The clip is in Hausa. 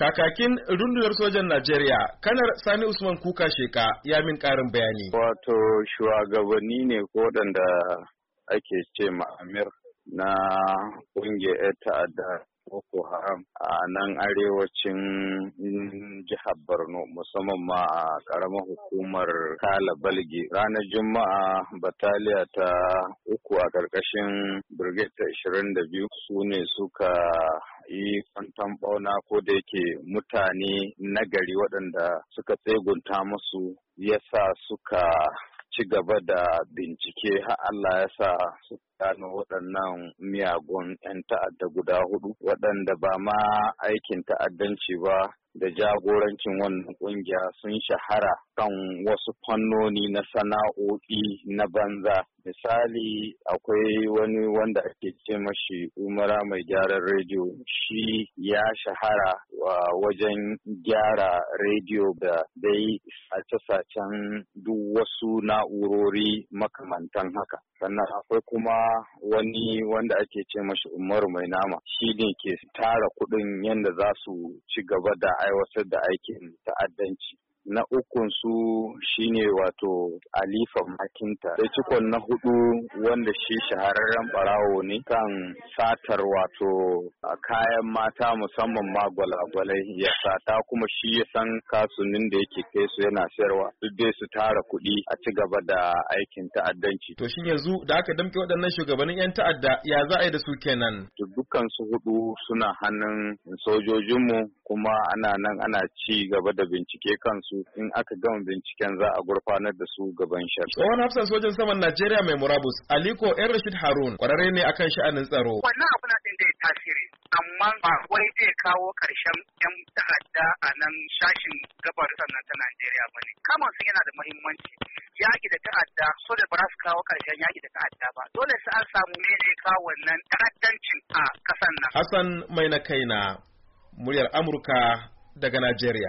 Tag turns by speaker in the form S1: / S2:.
S1: Kakakin rundunar sojan Najeriya, kanar Sani Usman Kuka Sheka
S2: ya min ƙarin bayani. Wato shugabanni ne ko da ake ce ma'amir, na ƙungiyar ta'adda Boko Haram a nan arewacin jihar Borno musamman ma a karamar hukumar Kala Balgi ranar Juma'a bataliya ta uku a ƙarƙashin Brigade ta 22 su ne suka yi eh, kwantan bauna ko da yake mutane nagari waɗanda suka tsegunta musu yasa suka ci gaba da bincike har Allah ya sa su gano waɗannan miyagun 'yan ta'adda guda hudu waɗanda ba ma aikin ta'addanci ba da jagorancin wannan kungiya sun shahara kan wasu fannoni na sana'o'i na banza misali akwai wani wanda ake ce mashi umara mai gyaran rediyo shi ya shahara wajen gyara rediyo da dai a sacen duk wasu na'urori makamantan haka sannan akwai kuma wani wanda ake ce mashi umaru mai nama shi ne ke tara kudin yadda za su ci gaba da aiwatar da aikin ta'addanci. na ukunsu su shine wato alifa makinta da cikon na hudu wanda shi shahararren barawo ne kan satar wato kayan mata musamman ma gwalagwalai ya sata kuma shi ya san kasunin da yake kai su yana sayarwa duk dai su tara kuɗi a ci gaba da aikin ta'addanci
S1: to shin yanzu da aka damke waɗannan shugabannin yan ta'adda ya za a yi da su kenan dukkan su hudu suna hannun sojojinmu
S2: kuma ana nan ana ci gaba da bincike kansu in aka gama binciken za a gurfanar da
S1: su gaban shar. Tsohon hafsan sojin saman Najeriya mai murabus Aliko Yan Rashid Harun kwararre ne akan sha'anin tsaro. Wannan abu na ɗin zai tasiri amma ba wai zai kawo ƙarshen 'yan
S2: ta'adda a nan shashin gabar sannan ta Najeriya ba ne. Kama sun yana da mahimmanci Yaƙi da ta'adda so da ba su kawo ƙarshen yaƙi da ta'adda ba. Dole sai an samu me zai kawo wannan ta'addancin a ƙasan nan. Hassan
S1: mai na kaina muryar Amurka daga Najeriya.